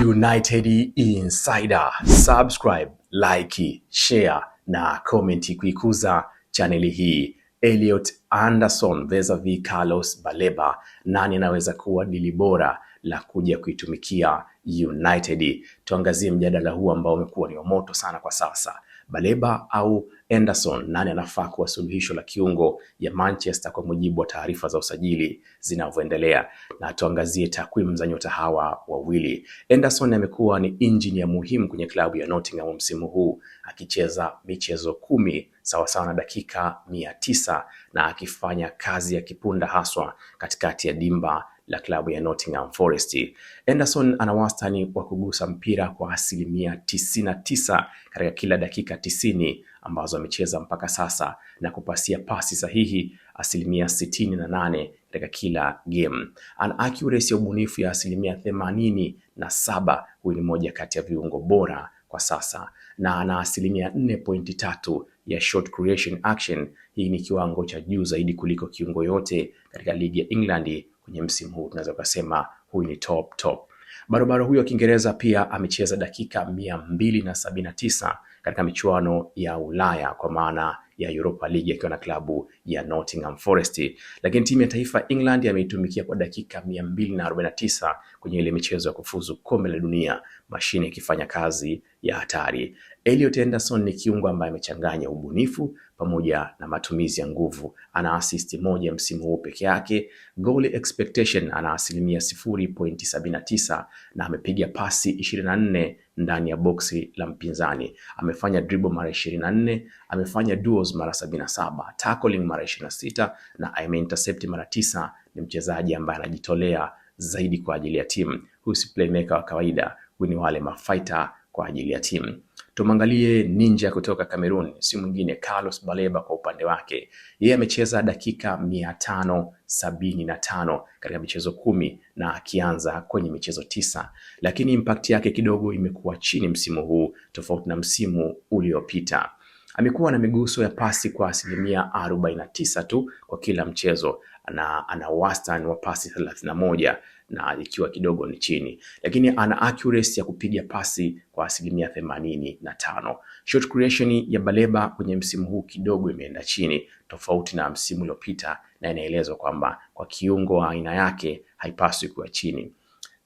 United Insider. Subscribe, like, share na comment kuikuza chaneli hii. Elliot Anderson vis-a-vis Carlos Baleba, nani anaweza kuwa dili bora la kuja kuitumikia United? Tuangazie mjadala huu ambao umekuwa ni moto sana kwa sasa. Baleba au Anderson, nani anafaa kuwa suluhisho la kiungo ya Manchester kwa mujibu wa taarifa za usajili zinavyoendelea. Na tuangazie takwimu za nyota hawa wawili. Anderson amekuwa ni injini ya muhimu kwenye klabu ya Nottingham msimu huu akicheza michezo kumi sawasawa na dakika mia tisa na akifanya kazi ya kipunda haswa katikati ya dimba la klabu ya Nottingham Forest. Anderson ana wastani wa kugusa mpira kwa asilimia 99 tisa katika kila dakika tisini ambazo amecheza mpaka sasa na kupasia pasi sahihi asilimia 68 na nane katika kila game. Ana accuracy ya ubunifu ya asilimia themanini na saba. Huyu ni moja kati ya viungo bora kwa sasa na ana asilimia 4.3 ya shot creation action. Hii ni kiwango cha juu zaidi kuliko kiungo yote katika ligi ya England kwenye msimu huu, tunaweza kusema huyu ni top top. Barobaro huyo wa Kiingereza pia amecheza dakika mia mbili na sabini na tisa katika michuano ya Ulaya kwa maana ya Europa League akiwa na klabu ya Nottingham Forest, lakini timu ya taifa England ameitumikia kwa dakika mia mbili na arobaini na tisa kwenye ile michezo ya kufuzu kombe la dunia, mashine ikifanya kazi ya hatari. Elliot Henderson ni kiungo ambaye amechanganya ubunifu pamoja na matumizi ya nguvu. Ana assist moja msimu huu peke yake. Goal expectation ana asilimia 0.79 na amepiga pasi 24 ndani ya boksi la mpinzani. Amefanya dribble mara 24, amefanya duos mara 77, tackling mara 26 na ameintercept mara tisa. Ni mchezaji ambaye anajitolea zaidi kwa ajili ya timu. Huyu si playmaker wa kawaida, huyu ni wale mafighter kwa ajili ya timu. Tumwangalie ninja kutoka Cameroon, si mwingine Carlos Baleba. Kwa upande wake yeye amecheza dakika mia tano sabini na tano katika michezo kumi na akianza kwenye michezo tisa, lakini impact yake kidogo imekuwa chini msimu huu tofauti na msimu uliopita amekuwa na miguso ya pasi kwa asilimia arobaini na tisa tu kwa kila mchezo na ana wastani wa pasi 31 na moja na ikiwa kidogo ni chini, lakini ana accuracy ya kupiga pasi kwa asilimia themanini na tano. Shot creation ya Baleba kwenye msimu huu kidogo imeenda chini tofauti na msimu uliopita, na inaelezwa kwamba kwa kiungo wa aina yake haipaswi kuwa chini.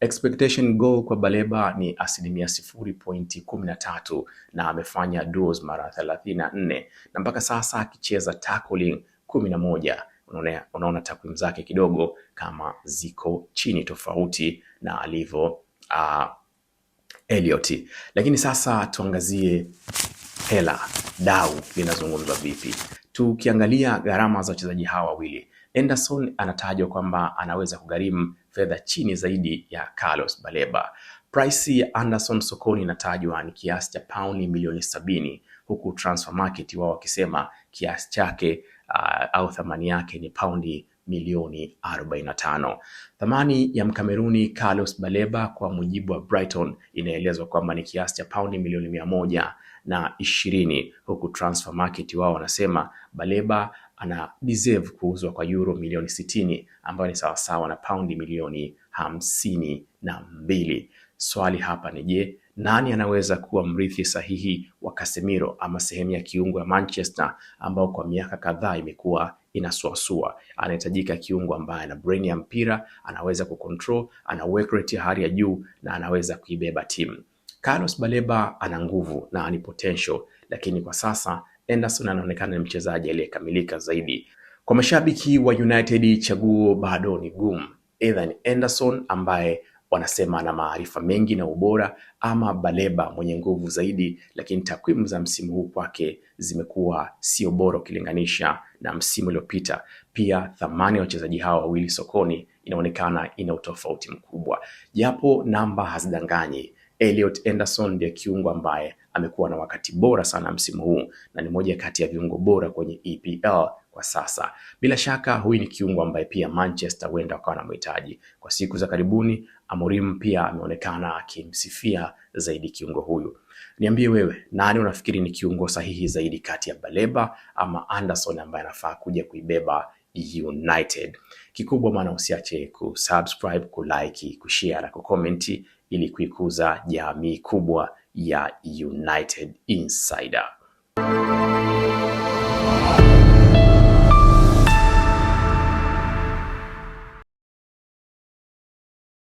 Expectation goal kwa Baleba ni asilimia sifuri pointi kumi na tatu na amefanya duos mara thelathini na nne na mpaka sasa akicheza tackling kumi na moja. Unaona, unaona takwimu zake kidogo kama ziko chini tofauti na alivyo uh, Elliot. Lakini sasa tuangazie hela, dau linazungumzwa vipi? Tukiangalia gharama za wachezaji hawa wawili Anderson anatajwa kwamba anaweza kugharimu fedha chini zaidi ya Carlos Baleba. Price ya Anderson sokoni inatajwa ni kiasi cha pauni milioni sabini huku transfer market wao wakisema kiasi chake uh, au thamani yake ni paundi milioni 45. Thamani ya Mkameruni Carlos Baleba kwa mujibu wa Brighton inaelezwa kwamba ni kiasi cha paundi milioni mia moja na ishirini huku transfer market wao wanasema Baleba ana deserve kuuzwa kwa euro milioni sitini ambayo ni sawasawa na paundi milioni hamsini na mbili. Swali hapa ni je, nani anaweza kuwa mrithi sahihi wa Casemiro ama sehemu ya kiungo ya Manchester ambao kwa miaka kadhaa imekuwa inasuasua? Anahitajika kiungo ambaye ana brain ya mpira, anaweza kucontrol, ana work rate ya hali ya juu na anaweza kuibeba timu. Carlos Baleba ana nguvu na ni potential, lakini kwa sasa Henderson anaonekana ni mchezaji aliyekamilika zaidi. Kwa mashabiki wa United, chaguo bado ni gumu, aidha ni Henderson ambaye wanasema ana maarifa mengi na ubora, ama Baleba mwenye nguvu zaidi, lakini takwimu za msimu huu kwake zimekuwa sio bora ukilinganisha na msimu uliopita. Pia thamani ya wachezaji hawa wawili sokoni inaonekana ina utofauti mkubwa, japo namba hazidanganyi. Elliot Anderson ndiye kiungo ambaye amekuwa na wakati bora sana msimu huu na ni moja kati ya viungo bora kwenye EPL kwa sasa. Bila shaka huyu ni kiungo ambaye pia Manchester huenda wakawa anamhitaji kwa siku za karibuni. Amorim pia ameonekana akimsifia zaidi kiungo huyu. Niambie wewe, nani unafikiri ni kiungo sahihi zaidi kati ya Baleba ama Anderson ambaye anafaa kuja kuibeba United? Kikubwa maana usiache kusubscribe, kulike, kushare na kukomenti ili kuikuza jamii kubwa ya United Insider.